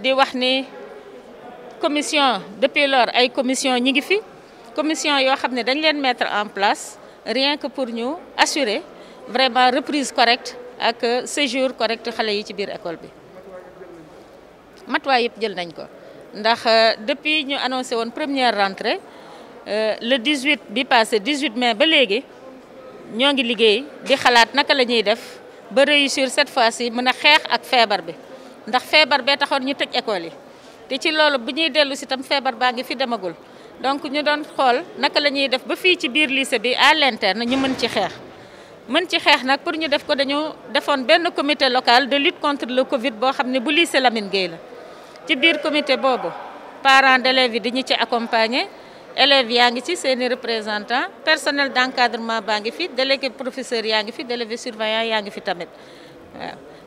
di wax ni commission depuis lors ay commission ñi ngi fi commission yoo xam ne dañ leen mettre en place rien que pour ñu assurer vraiment reprise correcte ak séjour correct xale yi ci biir école bi matuwaay yëpp jël nañ ko ndax euh, depuis ñu annoncé woon première rentrée euh, le 18 bi passé 18 mai ba léegi ñoo ngi liggéey di xalaat naka la ñuy def ba réussir cette fois-ci mën a xeex ak feebar bi ndax feebar bee taxoon ñu tëj école yi te ci loolu bu ñuy dellu si tam feebar baa ngi fi demagul donc ñu doon xool naka la ñuy def ba fii ci biir lycée bi à l'interne ñu mën ci xeex mën ci xeex nag pour ñu def ko dañu defoon benn comité local de lutte contre le Covid boo xam ne bu lycée lamin Gueye la ci biir comité boobu parents d'élèves yi dañu ci accompagner élèves yaa ngi ci seeni représentants personnel d'encadrement baa ngi fi délégué professeur yaa ngi fi délégué surveillant yaa ngi fi tamit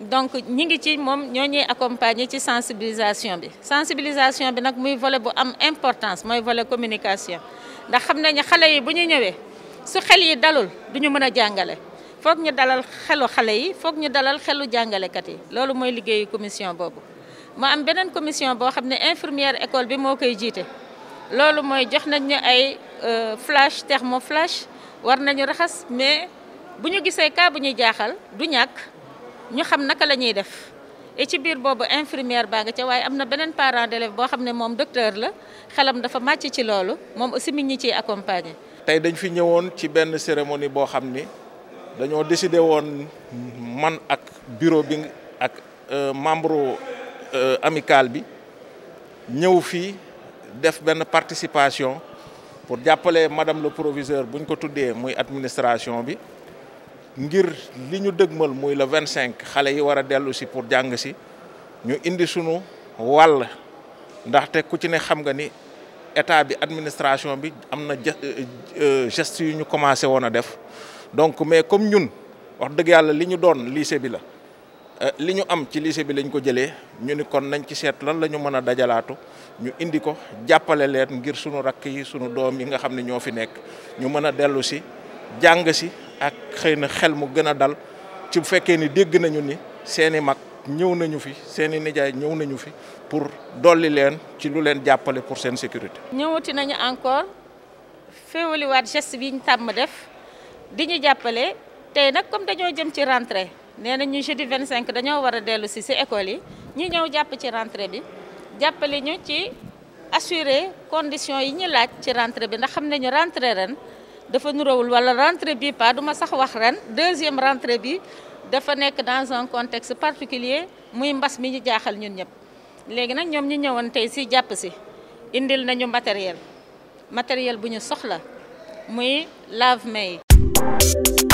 donc ñi ngi ci moom ñoo ñuy accompagner ci sensibilisation bi sensibilisation bi nag muy volet bu am importance mooy volet communication ndax xam nañu xale yi bu ñu ñëwee su xel yi dalul duñu ñu mën a jàngale foog ñu dalal xelu xale yi foog ñu dalal xelu jàngalekat yi loolu mooy liggéeyu commission boobu. mu am beneen commission boo xam ne infirmière école bi moo koy jiite loolu mooy jox nañ ñu ay euh, flash flash war nañu raxas mais bu ñu gisee cas bu ñuy jaaxal du ñàkk. ñu xam naka la ñuy def et ci biir boobu infirmière baa nga ca waaye am na beneen parent d'élève boo xam ne moom docteur la xelam dafa màcc ci loolu moom aussi mi ngi ciy accompagner. tey dañ fi ñëwoon ci benn cérémonie boo xam ni dañoo décidé woon man ak bureau bi ak euh, membre euh, amical bi ñëw fii def benn participation pour jàppale madame la proviseur buñ ko tuddee muy administration bi. ngir li ñu dëgmal muy la vingt cinq xale yi war a dellu si pour jàng si ñu indi sunu wàll ndaxte ku ci ne xam nga ni état bi administration bi am na euh, euh, geste yu ñu commencé woon a def donc mais comme ñun wax dëgg yàlla li ñu doon lycée bi la euh, li ñu am ci lycée bi lañ ko jëlee ñu ni kon nañ ci seet lan lañu mën a dajalaatu ñu indi ko jàppale leen ngir sunu rakk yi sunu doom yi nga xam ne ñoo fi nekk ñu mën a dellu si jàng si ak xëy na xel mu gën a dal ci bu fekkee ni dégg nañu ni seeni mag ñëw nañu fi seeni nijaay ñëw nañu fi pour dolli leen ci lu leen jàppale pour seen sécurité. ñëwati nañu encore féewaliwaat geste bi ñu tàmm def di ñu jàppale tey nag comme dañoo jëm ci rentrée nee nañu jeudi 25 dañoo war a dellu si si école yi ñu ñëw jàpp ci rentrée bi jàppale ñu ci assurer conditions yi ñu laaj ci rentrée bi ndax xam nañu rentrée ren. dafa nurawul wala rentrée bi pas duma sax wax ren deuxième rentrée bi dafa nekk dans un contexte particulier muy mbas mi ñu jaaxal ñun ñëpp léegi nag ñoom ñi ñëwoon tey si jàpp si indil nañu matériel matériel bu ñu soxla muy lave-mains yi